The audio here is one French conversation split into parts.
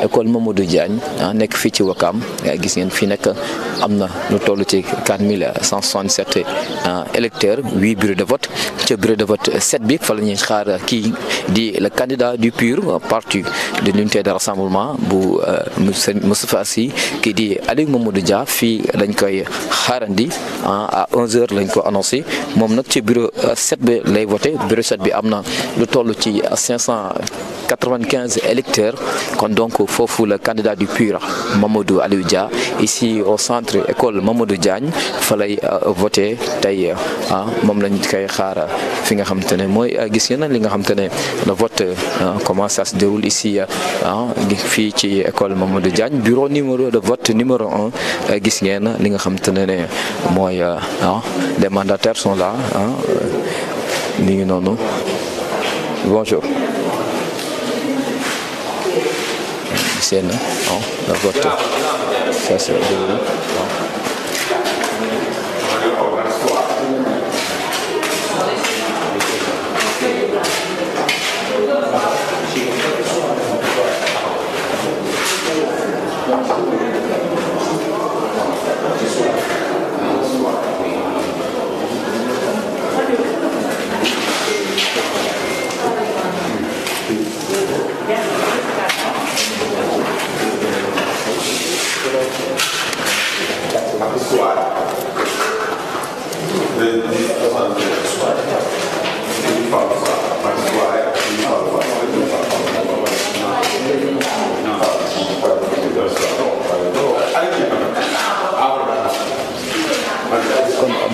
école Mamadou Diagne ah, nekk fi ci wakam gis ngeen fi nek amna lu tollu ci 4167 ah, électeurs 8 bureaux de vote ci bureau de vote 7 bi fa la ñuy xaar ki di le candidat du PUR parti de l'unité de rassemblement bu euh, Moustapha Sy ki di Aliou Mamadou Dia fi dañ koy xaarandi à 11h lañ ko annoncé Mon notre bureau 7 euh, b lay voter bureau 7 b amna le lu de 595 électeurs kon donc fofu le candidat du PUR Mamadou Aliouja. ici au centre école Mamadou Diagne fa lay euh, voter d'ailleurs ah moom lañ koy xaar fi nga xamante euh, gis ngeen li nga le vote comment ça se déroule ici à ah, ci école Mamadou Diagne bureau numéro de vote numéro 1 gis ngeen li nga il y hein, les mandataires sont là. Hein, euh, non, non. Bonjour. C'est hein, la voiture. Ça, c'est.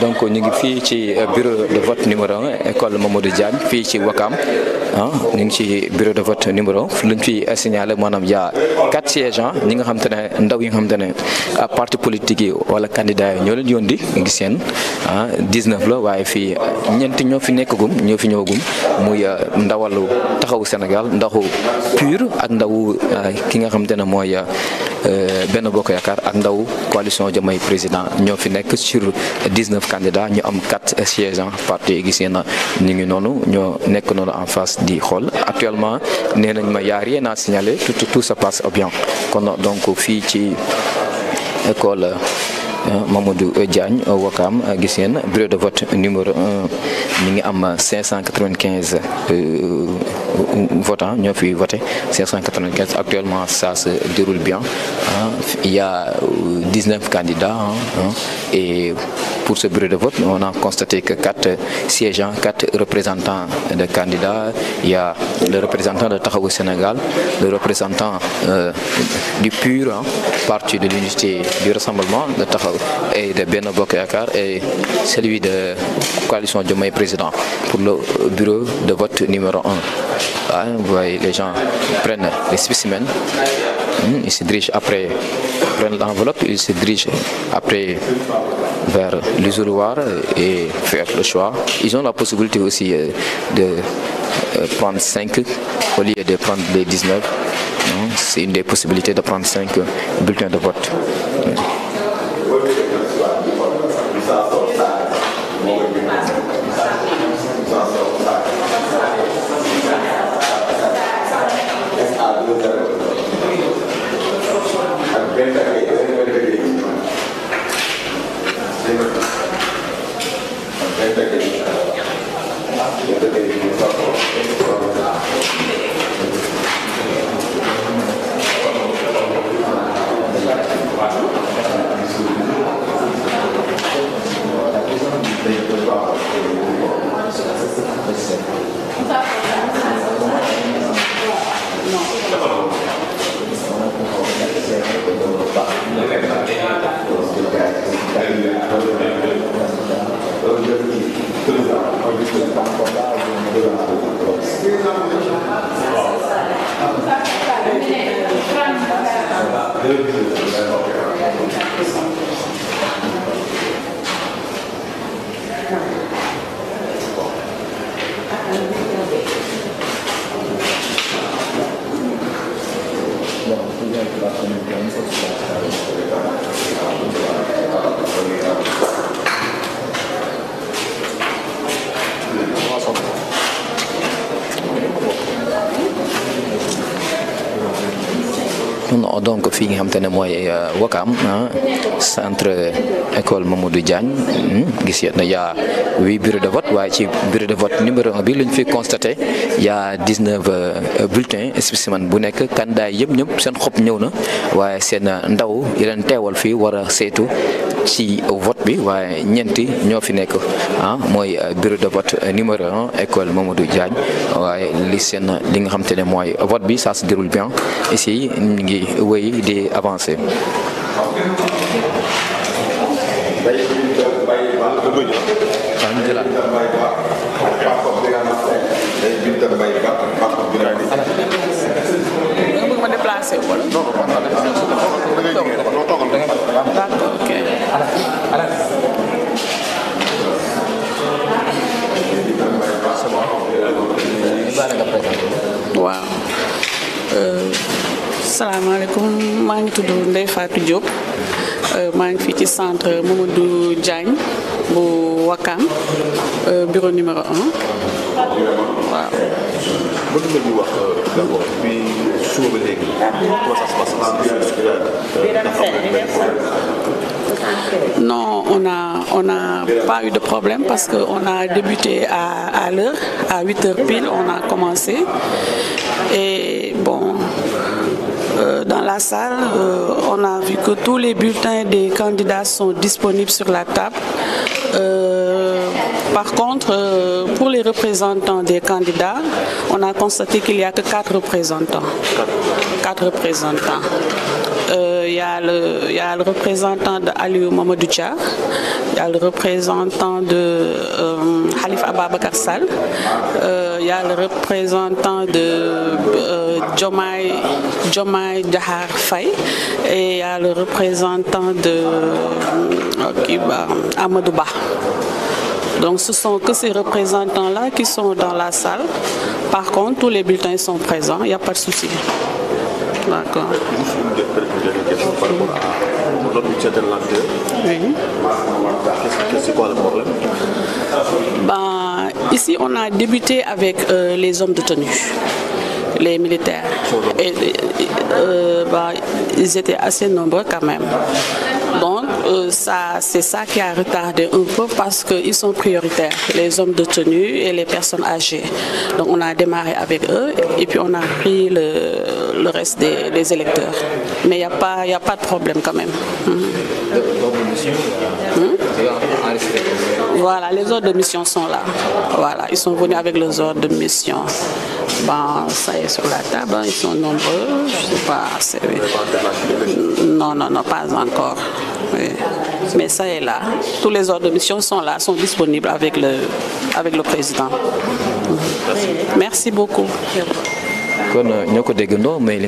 donc ñu ngi fii ci euh, bureau de vote numéro école école Mamadou Diagne fii ci Wakam ah ñu ngi ci bureau de vote numéro luñ fi euh, signalé maanaam y a quatre sièges ñi nga xam te ne ndaw yi nga xam te ne ah, parti politique yi wala candidat yi ñoo leen yónni gis seen ah 19 la waaye fii euh, ñeenti ñoo fi nekk gum ñoo fi ñëwagum muy ndawalu taxawu Sénégal ndaxu PUR ak ndaw ki nga xam ne mooy. Euh, Benoît Yakar, yakar, ak ndaw coalition président, président nous fi que sur 19 candidats nous avons 4 sièges en parti gisee nous ngi en face di xol actuellement nous n'avons ma rien à signaler tout tout se passe bien donc au ci école. Euh, Mamoudou Diagne euh, Wakam euh, gis bleu de vote numéro 1 595 votants nous avons voté 595 actuellement ça se déroule bien ah, il y a 19 candidats. Hein, hein. et pour ce bureau de vote, on a constaté que quatre siégeants, quatre représentants de candidats, il y a le représentant de au Sénégal, le représentant euh, du PUR, hein, parti de l'unité du rassemblement de Tahaou et de Benobok Yakar et celui de coalition mai Président pour le bureau de vote numéro 1. Ah, vous voyez, les gens prennent les spécimens Hmm, ils se dirigent après, prennent l'enveloppe, ils se dirigent après vers l'usuroir et faire le choix. Ils ont la possibilité aussi euh, de euh, prendre 5 au lieu de prendre les 19. Hmm, c'est une des possibilités de prendre 5 bulletins de vote. Hmm. entretenimento. non donc fii nga xam ne mooy euh, Wakaam ah, centre école Mamadou Diagne hmm, gis ngeen ne y' a huit bureaux de vote waaye ci bureau de vote numéro un bi lañ fi constaté y' a dix neuf euh, bulletins spécimen bu nekk kandidaay yëpp ñëpp seen xob ñëw na waaye seen ndaw yi leen teewal fii war a saytu. si vote bi waaye ñenti ñoo fi nekk ah moy euh, bureau de vote euh, numéro 1 école Mamadou Diagne waaye li sen li nga xam te ne vote bi ça se déroule bien ici ñi ngi wéy di avancer. déplacé wala Alas alas. waaw. Euh, maa ngi tudd nday Fatou Diop euh, maa ngi fii ci centre Mamadou Diagne bu Wakam euh, bureau numéro un waaw. Non, on n'a on a pas eu de problème parce qu'on a débuté à, l'heure, à 8h pile, on a commencé. Et bon, euh, dans la salle, euh, on a vu que tous les bulletins des candidats sont disponibles sur la table. Euh, par contre, pour les représentants des candidats, on a constaté qu'il n'y a que quatre représentants. Quatre représentants. Il y a le représentant de Aliou Mamadou il y a le représentant de Khalif Sal, il y a le représentant de euh, Jomai, euh, euh, Dahar et il y a le représentant de euh, Donc ce sont que ces représentants-là qui sont dans la salle. Par contre, tous les bulletins sont présents, il n'y a pas de souci là. D'accord. Juste une question par rapport à notre budget de lenteur. Oui. C'est quoi le problème ben, Ici, on a débuté avec euh, les hommes de tenue les militaires. Et, euh, bah, ils étaient assez nombreux quand même. Donc, euh, ça, c'est ça qui a retardé un peu parce qu'ils sont prioritaires, les hommes de tenue et les personnes âgées. Donc on a démarré avec eux et puis on a pris le, reste des, électeurs. Mais il n'y a, pas, a pas de problème quand même. Hmm. Voilà, les ordres de mission sont là. Voilà, ils sont venus avec les ordres de mission. Bon, ça est sur la table, hein, ils sont nombreux, je sais pas. Non, non, non, pas encore. Mais ça est là. Tous les ordres de mission sont là, sont disponibles avec le, avec le président. Merci beaucoup kon euh, ñoo ko déggandoo mais li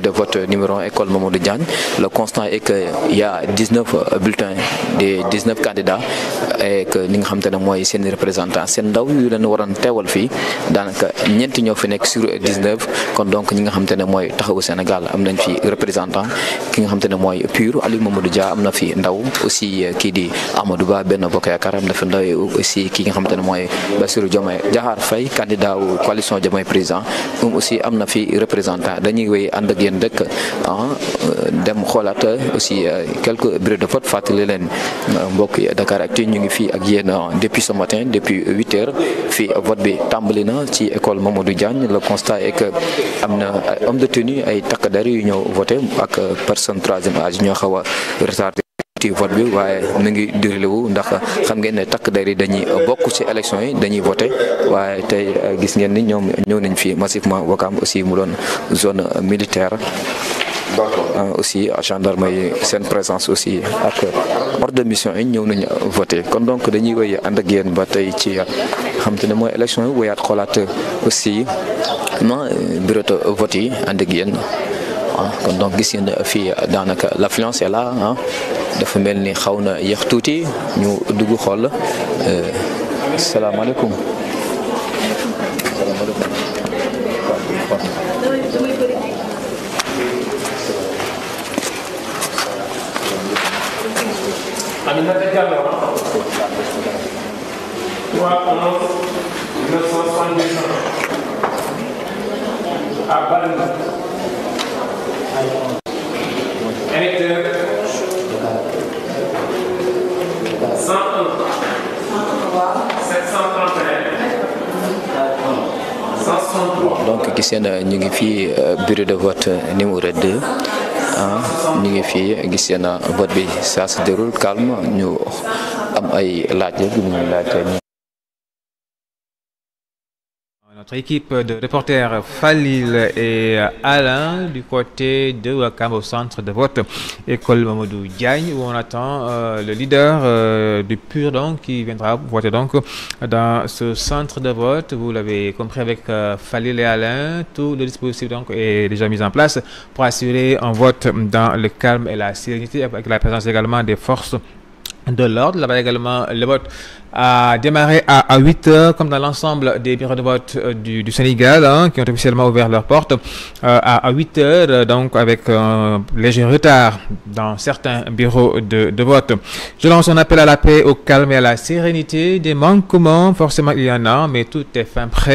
de vote numéro 1 école Mamadou Diagne le constat est que y a 19 euh, bulletins des 19 candidats et que li nga xam te représentant yu sur 19 donc ñi nga xam te ne Sénégal am fi représentant ki nga xam te ne mooy Mamadou Dia aussi euh, kii di Amadou Ba fi ndaw aussi ki nga Bassirou Diomaye Faye candidat coalition aussi am na fi représentant dañuy wéy and ak yéen dëkk ah euh, dem xoolaat aussi euh, quelques bureaux de vote fàttali leen euh, mbokk yi Dakaractu ñu ngi fi ak yéen depuis ce matin depuis huit heures fi vote bi tàmbali na ci école Mamadou Diagne le constat est que amna homme de tenue ay takk der yu ñëw ak personne troisième âge ñoo xawa a retardé ci vote bi waaye mi ngi déroulé wu ndax xam ngeen ne takk der yi dañuy bokk ci élection yi dañuy voté waaye tey euh, gis ngeen ni ñoom ñëw nañ fii massivement Wakaam aussi mu doon zone militaire. d'accord euh, aussi gendarme yi seen présence aussi ak ordre de mission yi ñëw nañ voté kon donc dañuy wéy ànd ak ba tey ci euh, xam te ne mooy élection yi wéyaat xoolaat aussi ma bureau de vote yi ànd ak kon donc gis ngeen fi danaka l'affluence est là hein dafa mel ni xaw na yéex tuuti ñu dugg xool salaamaaleykum. salaamaaleykum. donc gis ngeen euh, ñu ngi fi euh, bureau de vote euh, numéro 2 ah ñu ngi fi gis ngeen vote bi ça se déroule calme ñu am ay laaj yu ñu laajte équipe de reporters Falil et Alain du côté de Wakam au centre de vote École Mamadou Diagne où on attend euh, le leader euh, du PUR donc, qui viendra voter donc dans ce centre de vote. Vous l'avez compris avec Fallil euh, Falil et Alain, tout le dispositif donc est déjà mis en place pour assurer un vote dans le calme et la sérénité avec la présence également des forces de l'ordre. Là-bas également, le vote a démarré à, 8 heures, comme dans l'ensemble des bureaux de vote euh, du, Sénégal, hein, qui ont officiellement ouvert leurs portes euh, à, 8 heures, euh, donc avec un léger retard dans certains bureaux de, vote. Je lance un appel à la paix, au calme et à la sérénité. Des manquements, forcément, il y en a, mais tout est fin prêt.